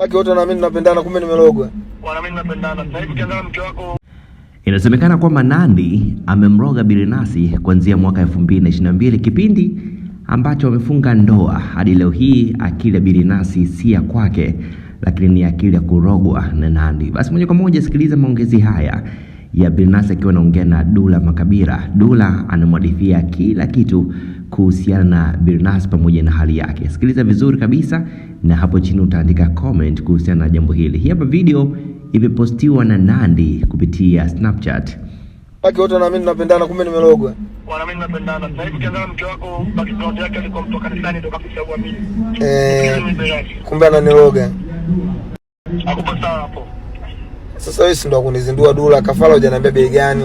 Haki wote mimi tunapendana kumbe nimelogwa. mimi tunapendana. Sasa hivi ukianza na mke wako Inasemekana kwamba Nandy amemroga Birinasi kuanzia mwaka 2022 kipindi ambacho wamefunga ndoa hadi leo hii. Akili ya Birinasi si ya kwake, lakini ni akili ya kurogwa na Nandy. Basi moja kwa moja sikiliza maongezi haya ya Birinasi akiwa anaongea na Dula Makabira. Dula anamwadithia kila kitu kuhusiana na Birnas pamoja na hali yake. Sikiliza vizuri kabisa, na hapo chini utaandika comment kuhusiana na jambo hili. Hii hapa video imepostiwa na Nandy kupitia Snapchat. Baki wote na mimi tunapendana, kumbe nimelogwa. mimi napendana. Sasa hivi kiangalia mke wako baki background yake alikuwa mtu kanisani ndio kabisa mimi. Eh, kumbe ananiloga. Hakupo sawa hapo. Sasa wewe si ndio kunizindua dula, kafara hujaniambia bei gani?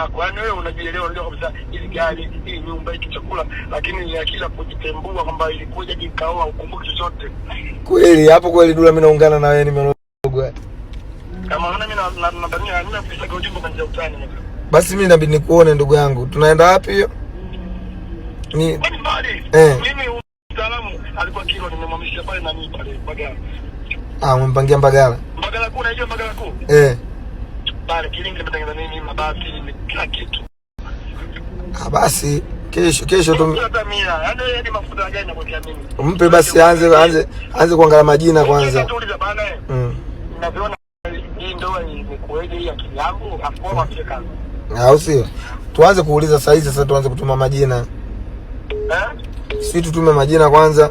yako, yaani wewe unajielewa, unajua kabisa hili gari, hii nyumba, hiki chakula, lakini ni akila kujitembua kwamba ilikuja nikaoa, ukumbuki chochote kweli. Hapo kweli Dula, mimi naungana na wewe, nimerogwa kama maana mimi nadhania hamna pesa kwa ujumbe kanja utani. Basi mimi inabidi nikuone ndugu yangu, tunaenda wapi hiyo? Ni eh, mimi mtaalamu alikuwa kilo nimemwamisha pale na mimi pale Bagala. Ah, umempangia Mbagala? Mbagala kuu, hiyo Mbagala kuu eh pale Kilingi nimetengeneza nini mabati kila kitu. Ah, basi kesho kesho tu yaani mpe basi, aanze aanze aanze kuangalia majina kwanza. Eh. Mm. Mm. Ah, au sio? Tuanze kuuliza saizi sasa, tuanze kutuma majina eh? Si tutume majina kwanza.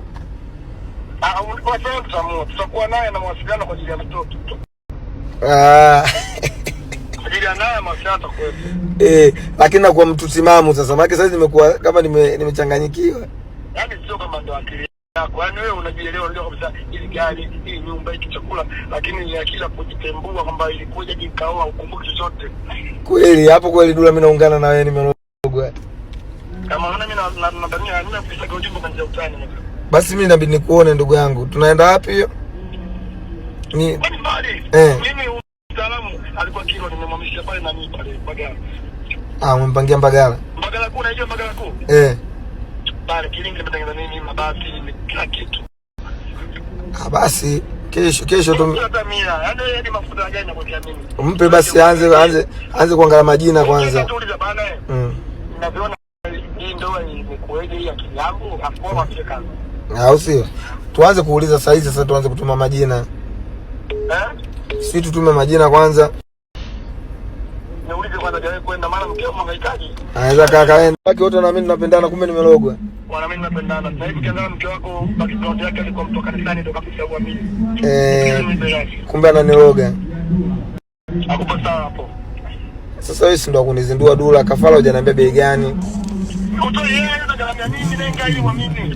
tutakuwa naye na mawasiliano kwa ajili ya mtoto tu. Eh, lakini nakuwa mtu timamu sasa, maana sasa nimekuwa kama nime nimechanganyikiwa. Yaani sio kama ndo akili yako. Yaani wewe unajielewa ndio kabisa ili gari, ili nyumba, chakula, lakini ni akili kujitembua kwamba ilikuja ukumbuki chochote. Kweli hapo kweli Dula mimi naungana na wewe nimerogwa. Kama mimi na na na na basi mimi inabidi nikuone ndugu yangu, tunaenda wapi hiyo? Ni eh, Ah, umempangia Mbagala. Mbagala kuna hiyo Mbagala kuu. Eh. Bali kilingi nimetengeneza mimi mabati kila kitu. Ah, basi kesho kesho tu yaani mpe basi, anze anze anze kuangalia majina kwanza. Eh? Mm. Naviona hii ndoa kuweje hii akili yangu afu kazi au sio? Tuanze kuuliza saizi sasa, tuanze kutuma majina eh? Si tutume majina kwanza, niulize kwanza, jawe kwenda mara mkeo anaweza kaka baki wote, na mimi tunapendana, kumbe nimelogwa. Wana mimi sasa hivi, kiangalia mke wako baki yake alikuwa mtu kanisani, ndio huwa mimi eh, kumbe hapo. Sasa wewe si ndo kunizindua dula kafara, hujaniambia bei gani? Kutoa yeye anaweza kaniambia nini, nenga wa mimi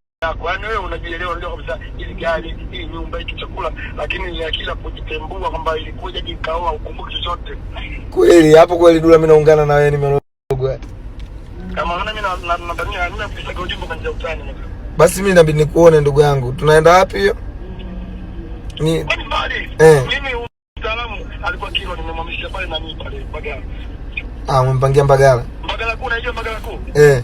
yako yaani, wewe unajielewa, unajua kabisa ili gari, ili nyumba, hiki chakula, lakini ni akila kujitembua kwamba ilikuja jikaoa, ukumbuki chochote kweli. Hapo kweli Dula, mimi naungana na wewe, nimerogwa kama maana mimi nadhania mimi pesa kwa ujumbe kanja utani. Basi mimi inabidi nikuone ndugu yangu, tunaenda wapi hiyo? Ni eh, mimi mtaalamu alikuwa kilo, nimemhamisha pale na mimi pale Bagala. Ah, umempangia Bagala? Bagala kuna hiyo Bagala kuu eh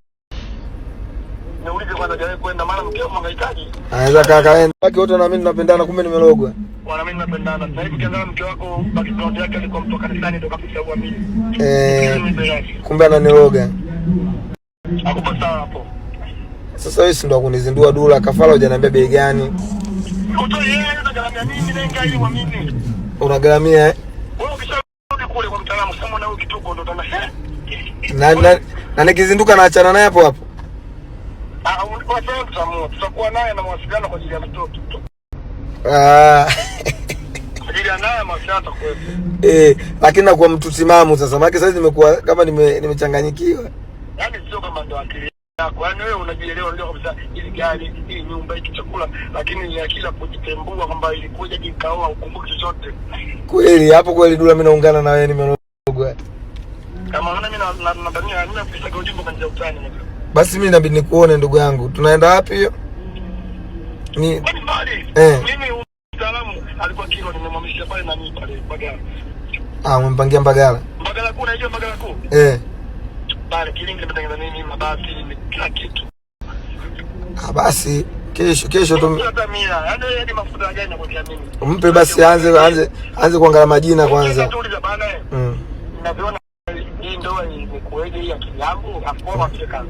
Anaweza kaa kaenda. Baki wote mimi tunapendana kumbe nimelogwa. Wanaamini tunapendana. Na hivi kiangalia mke wako yake alikuwa Eh. Kumbe ananiloga. sawa hapo. Sasa wewe si ndio kunizindua dula kafara hujaniambia bei gani? Utoe yeye nini na Unagaramia eh? Wewe kule kwa mtaalamu na wewe kituko Na na nikizinduka naachana naye hapo hapo. Ah, tutakuwa naye na mawasiliano kwa ajili ya mtoto tu. Ah. Eh, lakini nakuwa mtu simamu sasa, maanake saizi nimekuwa kama nimechanganyikiwa. Yaani sio kama ndo akili yako, yaani wewe unajielewa, kabisa gari, nyumba, chakula, lakini ni akili ya kujitembua kwamba ilikuja nikaoa, ukumbuki chochote kweli. Hapo kweli Dula, mimi naungana na wewe, nimerogwa kama mimi basi mimi inabidi nikuone ndugu yangu, tunaenda wapi hiyo? Ni eh, mimi mtaalamu alikuwa kilo nimemwamisha pale na mimi pale Bagala. Ah, umempangia Mbagala. Mbagala kuna hiyo Mbagala kuu. Eh. Pale kilingi nimetengeneza nini mabati ni kila kitu. Ah, basi kesho kesho tu yaani, yaani mpe basi, aanze aanze aanze kuangalia majina kwanza. Mm. Naviona hii ndoa imekuwaje hii akili yangu afu wafika kazi.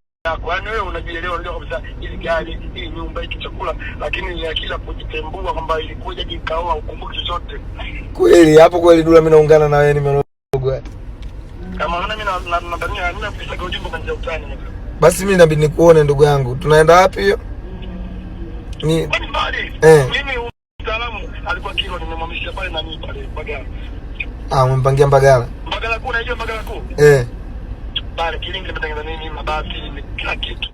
Yaani wewe unajielewa, unajua kabisa gari, hii nyumba, hiki chakula, lakini ni kujitembua kwamba ilikuja ukumbuki chochote kweli. Hapo kweli Dula, mimi naungana na wewe, nimerogwa Basi mimi nabidi nikuone ndugu yangu, tunaenda wapi hiyo? Ni eh. ah, umempangia kuu eh pale Kilindi, nimetengeneza nini mabati, kila kitu.